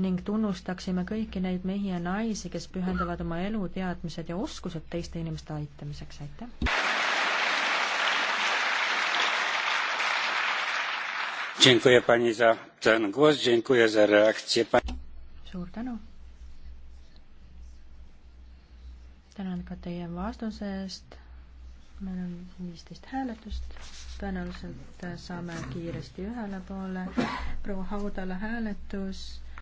ning tunnustaksime kõiki neid mehi ja naisi, kes pühendavad oma elu, teadmised ja oskused teiste inimeste aitamiseks, aitäh! suur tänu! tänan ka teie vastuse eest meil on viisteist hääletust, tõenäoliselt saame kiiresti ühele poole. proua Haudala hääletus